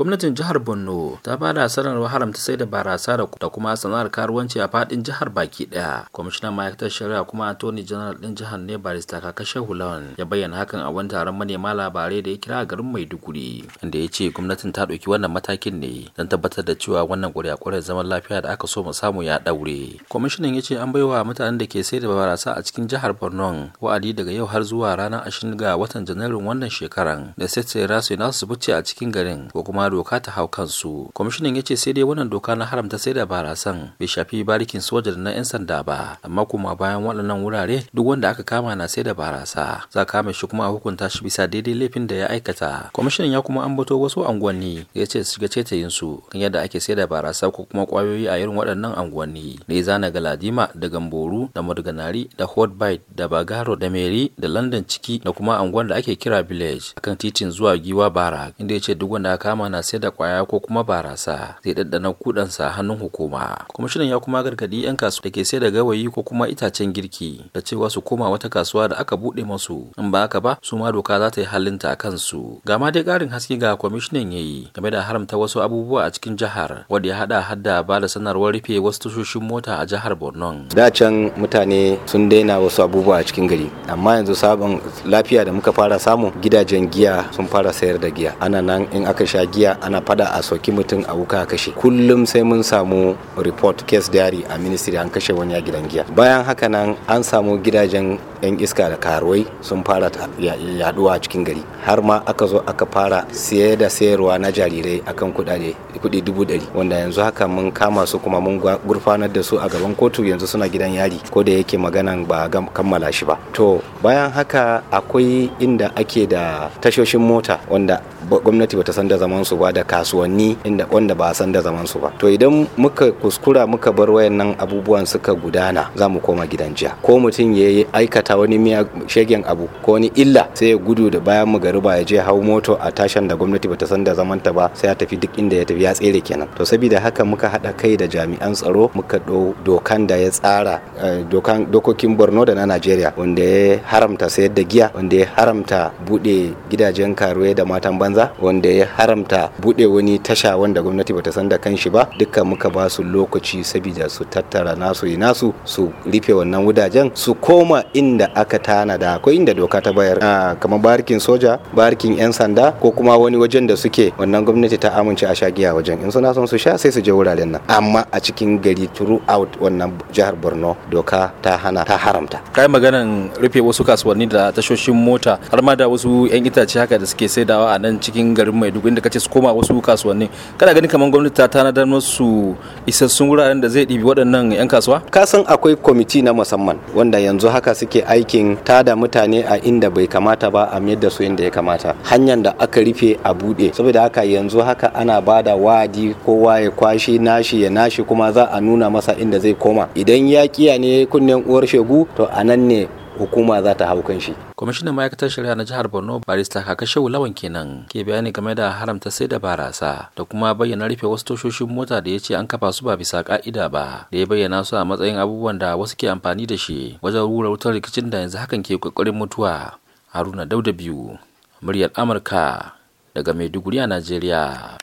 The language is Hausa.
gwamnatin jihar borno ta bada sanarwa haramta sai da barasa da kuma sana'ar karuwanci a fadin jihar baki daya kwamishinan ma'aikatar shari'a kuma attorney general din jihar ne barista kaka shehulan ya bayyana hakan a wani taron manema labarai da ya kira a garin maiduguri inda ya ce gwamnatin ta ɗauki wannan matakin ne don tabbatar da cewa wannan ƙuri'a zaman lafiya da aka so mu samu ya ɗaure kwamishinan ya ce an bai wa mutanen da ke sai da barasa a cikin jihar borno wa'adi daga yau har zuwa ranar ashirin ga watan janairun wannan shekaran da sai rasu na su a cikin garin ko kuma doka ta hau kansu kwamishinan ya ce sai dai wannan doka na haramta sai da barasan bai shafi barikin soja na 'yan sanda ba amma kuma bayan waɗannan wurare duk wanda aka kama na sai da barasa za kama shi kuma a hukunta shi bisa daidai laifin da ya aikata kwamishinan ya kuma ambato wasu anguwanni ya ce su shiga cetayin su kan yadda ake sai da barasa ko kuma kwayoyi a irin waɗannan anguwanni ne zana galadima da gamboru da murganari da hotbite da bagaro da meri da london ciki da kuma anguwan da ake kira village akan titin zuwa giwa bara inda ya ce duk wanda aka kama na sayar da kwaya ko kuma barasa zai ɗanɗana kudansa hannun hukuma kwamishinan ya kuma gargadi 'yan kasuwa da ke sayar da gawayi ko kuma itacen girki da cewa su koma wata kasuwa da aka buɗe musu. in ba haka ba su ma doka za ta yi halinta a kansu ga ma dai ƙarin haske ga kwamishinan ya yi game da haramta wasu abubuwa a cikin jihar wanda ya haɗa hadda ba da sanarwar rufe wasu tushoshin mota a jihar borno da can mutane sun daina wasu abubuwa a cikin gari amma yanzu sabon lafiya da muka fara samu gidajen giya sun fara sayar da giya ana nan in aka sha giya ana fada a sauki mutum a wuka kashe kullum sai mun samu report case diary a ministry an kashe wani a gidan giya bayan haka nan an samu gidajen yan iska da karuwai sun fara yaduwa a cikin gari har ma aka zo aka fara siye da sayarwa na jarirai akan kudade kudi dubu dari wanda yanzu haka mun kama su kuma mun gurfanar da su a gaban kotu yanzu suna gidan yari ko da yake maganan ba kammala shi ba to bayan haka akwai inda ake da tashoshin mota wanda gwamnati bata san da zaman su ba da kasuwanni inda wanda ba san da zaman su ba to idan muka kuskura muka bar wayannan abubuwan suka gudana za mu koma gidan jiya ko mutum ya yi aikata wani miya shegen abu ko wani illa sai ya gudu da bayan mu gari ba ya je hau moto a tashan da gwamnati bata san da zaman ta ba sai ya tafi duk inda ya tafi ya tsere kenan to saboda haka muka hada kai da jami'an tsaro muka do dokan da ya tsara eh, dokan dokokin Borno da na Najeriya wanda ya haramta sayar da giya wanda ya haramta bude gidajen karuwa da matan banza wanda ya haramta suka bude wani tasha wanda gwamnati bata san da kanshi ba dukkan muka ba su lokaci saboda su tattara nasu yi nasu su rufe wannan wudajen su koma inda aka tanada akwai inda doka ta bayar kamar barkin soja barkin yan sanda ko kuma wani wajen da suke wannan gwamnati ta amince a shagiya wajen in suna son su sha sai su je wuraren nan amma a cikin gari throughout wannan jihar borno doka ta hana ta haramta kai maganan rufe wasu kasuwanni da tashoshin mota har ma da wasu yan itace haka da suke saidawa a nan cikin garin maiduguri inda kace su koma wasu kasuwanni kana gani kamar gwamnati ta tanadar musu isassun wuraren da zai ɗibi waɗannan 'yan kasuwa ka san akwai kwamiti na musamman wanda yanzu haka suke aikin tada mutane a inda bai kamata ba a mayar da su inda ya kamata hanyar da aka rufe a buɗe saboda haka yanzu haka ana bada wa'adi kowa ya kwashi nashi ya nashi kuma za a nuna masa inda zai koma idan ya kiya ne kunnen uwar shegu to a nan ne hukuma za ta hau kan Kwamishinan ma'aikatar shari'a na jihar Borno barista Kakashewu Lawan kenan ke bayani game da haramta sai da barasa da kuma bayyana rufe wasu tushoshin mota da ya ce an kafa su ba bisa ka'ida ba da ya bayyana su a matsayin abubuwan da wasu ke amfani da shi wajen rura wutar rikicin da yanzu hakan ke kokarin mutuwa. Haruna Dauda biyu, muryar Amurka daga Maiduguri a Najeriya.